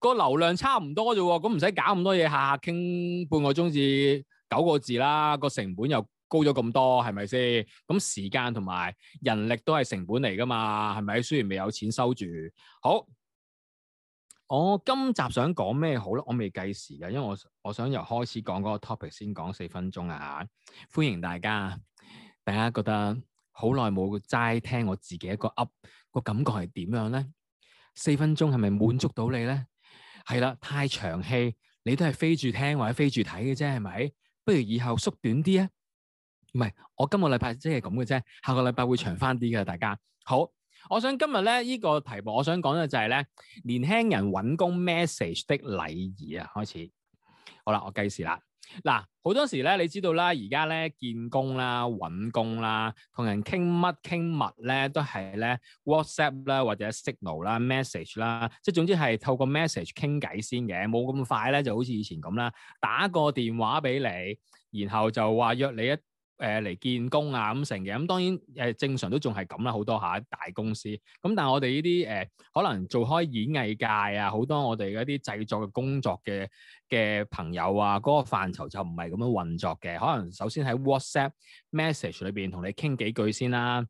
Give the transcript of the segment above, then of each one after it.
個流量差唔多啫，咁唔使搞咁多嘢，下下傾半個鐘至九個字啦。個成本又高咗咁多，係咪先？咁時間同埋人力都係成本嚟噶嘛，係咪？雖然未有錢收住。好，我今集想講咩？好啦，我未計時嘅，因為我我想由開始講嗰個 topic 先講四分鐘啊吓。歡迎大家，大家覺得好耐冇齋聽我自己一個 up，個感覺係點樣咧？四分鐘係咪滿足到你咧？係啦，太長氣，你都係飛住聽或者飛住睇嘅啫，係咪？不如以後縮短啲啊！唔係，我今個禮拜即係咁嘅啫，下個禮拜會長翻啲嘅。大家好，我想今日咧呢個題目，我想講嘅就係咧年輕人揾工 message 的禮儀啊。開始，好啦，我計時啦。嗱，好多時咧，你知道啦，而家咧見工啦、揾工啦，同人傾乜傾乜咧，都係咧 WhatsApp 啦，或者 Signal 啦、Message 啦，即係總之係透過 message 傾偈先嘅，冇咁快咧，就好似以前咁啦，打個電話俾你，然後就話約你一。誒嚟見工啊咁成嘅，咁當然誒正常都仲係咁啦，好多下大公司。咁但係我哋呢啲誒，可能做開演藝界啊，好多我哋一啲製作嘅工作嘅嘅朋友啊，嗰個範疇就唔係咁樣運作嘅。可能首先喺 WhatsApp message 裏邊同你傾幾句先啦，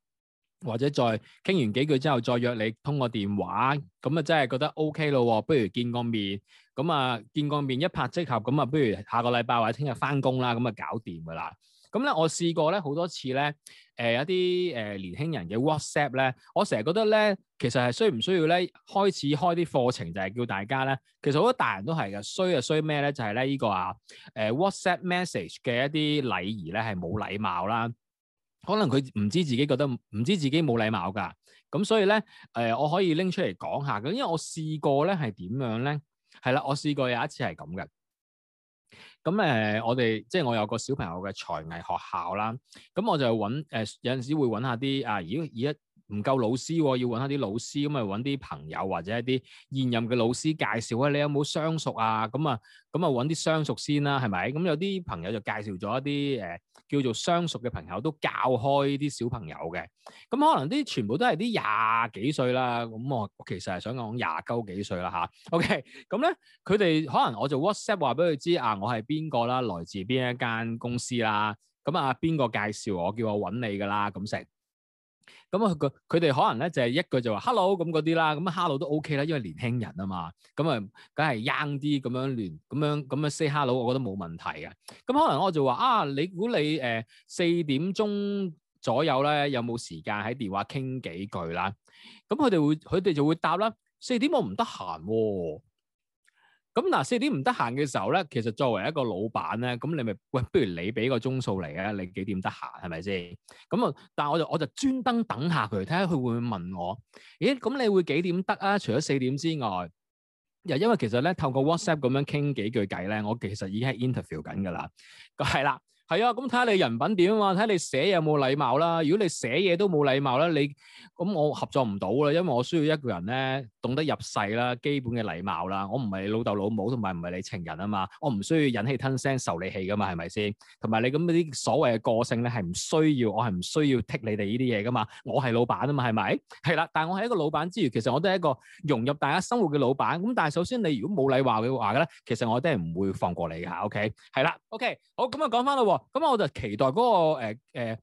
或者再傾完幾句之後再約你通個電話。咁啊，真係覺得 OK 咯，不如見個面。咁啊，見個面一拍即合，咁啊，不如下個禮拜或者聽日返工啦，咁啊搞掂㗎啦。咁咧、呃呃，我試過咧好多次咧，誒一啲誒年輕人嘅 WhatsApp 咧，我成日覺得咧，其實係需唔需要咧開始開啲課程，就係叫大家咧，其實好多大人都係嘅，衰就衰咩咧？就係咧依個呢個啊，誒、呃、WhatsApp message 嘅一啲禮儀咧係冇禮貌啦，可能佢唔知自己覺得唔知自己冇禮貌噶，咁所以咧誒、呃、我可以拎出嚟講下，咁因為我試過咧係點樣咧，係啦，我試過有一次係咁嘅。咁誒，我哋即係我有個小朋友嘅才藝學校啦，咁我就揾誒、呃，有陣時會揾下啲啊，如果以一。哎唔夠老師喎、哦，要揾下啲老師，咁啊揾啲朋友或者一啲現任嘅老師介紹啊。你有冇相熟啊？咁、嗯、啊，咁啊揾啲相熟先啦，係咪？咁、嗯、有啲朋友就介紹咗一啲誒、呃、叫做相熟嘅朋友都教開啲小朋友嘅。咁、嗯、可能啲全部都係啲廿幾歲啦。咁、嗯、我其實係想講廿九幾歲啦。吓，OK，咁咧佢哋可能我就 WhatsApp 話俾佢知啊，我係邊個啦，來自邊一間公司啦。咁、嗯、啊邊個介紹我，我叫我揾你㗎啦，咁、嗯、成。嗯嗯嗯嗯嗯嗯咁啊佢佢哋可能咧就係一句就話 hello 咁嗰啲啦，咁啊 hello 都 ok 啦，因為年輕人啊嘛，咁啊梗係 young 啲咁樣亂咁樣咁樣 say hello，我覺得冇問題嘅。咁可能我就話啊，你估你誒四點鐘左右咧有冇時間喺電話傾幾句啦？咁佢哋會佢哋就會答啦，四點我唔得閒。咁嗱四點唔得閒嘅時候咧，其實作為一個老闆咧，咁你咪喂，不如你俾個鐘數嚟啊！你幾點得閒係咪先？咁啊，但係我就我就專登等下佢，睇下佢會唔會問我？咦，咁你會幾點得啊？除咗四點之外，又因為其實咧透過 WhatsApp 咁樣傾幾句偈咧，我其實已經係 interview 緊㗎啦。係啦，係啊，咁睇下你人品點啊嘛，睇下你寫嘢有冇禮貌啦。如果你寫嘢都冇禮貌咧，你咁我合作唔到啦，因為我需要一個人咧。懂得入世啦，基本嘅禮貌啦。我唔係你老豆老母，同埋唔係你情人啊嘛。我唔需要忍氣吞聲受你氣噶嘛，係咪先？同埋你咁嗰啲所謂嘅個性咧，係唔需要，我係唔需要剔你哋呢啲嘢噶嘛。我係老闆啊嘛，係咪？係啦，但係我係一個老闆之餘，其實我都係一個融入大家生活嘅老闆。咁但係首先，你如果冇禮話嘅話咧，其實我都係唔會放過你嘅。OK，係啦，OK，好，咁啊，講翻啦。咁我就期待嗰、個誒、呃呃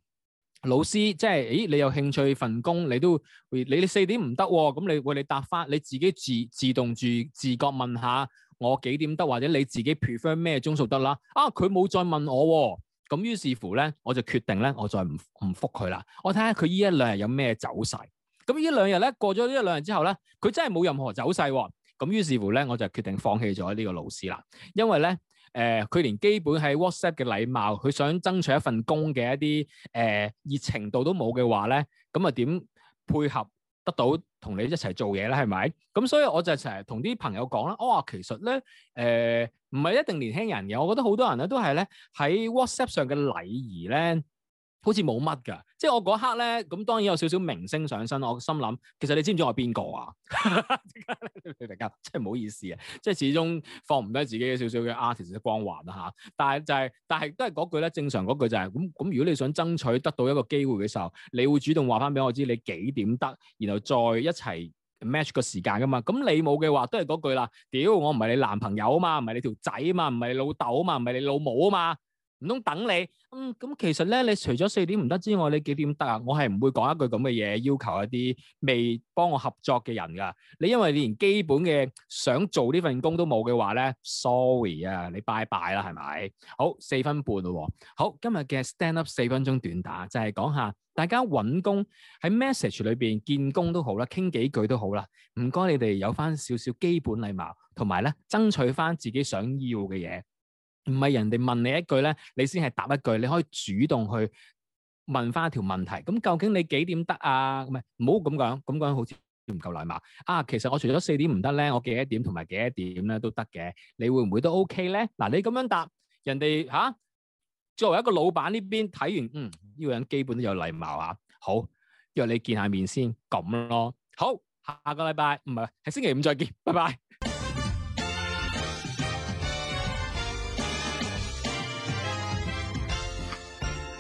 老師，即係，咦？你有興趣份工，你都，你你四點唔得，咁你喂，你答翻，你自己自自動住自覺問下我幾點得，或者你自己 prefer 咩鐘數得啦。啊，佢冇再問我，咁於是乎咧，我就決定咧，我再唔唔覆佢啦。我睇下佢依一兩日有咩走勢。咁呢一兩日咧，過咗呢一兩日之後咧，佢真係冇任何走勢。咁於是乎咧，我就決定放棄咗呢個老師啦，因為咧。誒佢、呃、連基本喺 WhatsApp 嘅禮貌，佢想爭取一份工嘅一啲誒、呃、熱程度都冇嘅話咧，咁啊點配合得到同你一齊做嘢咧？係咪？咁所以我就成日同啲朋友講啦，哦，其實咧誒唔係一定年輕人嘅，我覺得好多人咧都係咧喺 WhatsApp 上嘅禮儀咧。好似冇乜㗎，即係我嗰刻咧，咁當然有少少明星上身，我心諗其實你知唔知我係邊個啊？ 即係唔好意思啊，即係始終放唔低自己嘅少少嘅 artist 光環啊嚇。但係就係，但係都係嗰句咧，正常嗰句就係咁咁。如果你想爭取得到一個機會嘅時候，你會主動話翻俾我知你幾點得，然後再一齊 match 個時間㗎嘛。咁你冇嘅話，都係嗰句啦。屌，我唔係你男朋友啊嘛，唔係你條仔啊嘛，唔係你老豆啊嘛，唔係你老母啊嘛。唔通等你咁咁，嗯、其實咧，你除咗四點唔得之外，你幾點得啊？我係唔會講一句咁嘅嘢，要求一啲未幫我合作嘅人噶。你因為你連基本嘅想做呢份工都冇嘅話咧，sorry 啊，你拜拜啦，係咪？好，四分半咯，哦。好，今日嘅 stand up 四分鐘短打就係、是、講下大家搵工喺 message 裏邊見工都好啦，傾幾句都好啦。唔該，你哋有翻少少基本禮貌，同埋咧爭取翻自己想要嘅嘢。唔係人哋問你一句咧，你先係答一句。你可以主動去問翻一條問題。咁究竟你幾點得啊？唔係，唔好咁講，咁講好似唔夠禮貌。啊，其實我除咗四點唔得咧，我幾多點同埋幾多點咧都得嘅。你會唔會都 OK 咧？嗱、啊，你咁樣答人哋吓、啊。作為一個老闆呢邊睇完，嗯，呢、這個人基本都有禮貌啊。好，約你見下面先咁咯。好，下個禮拜唔係，係星期五再見。拜拜。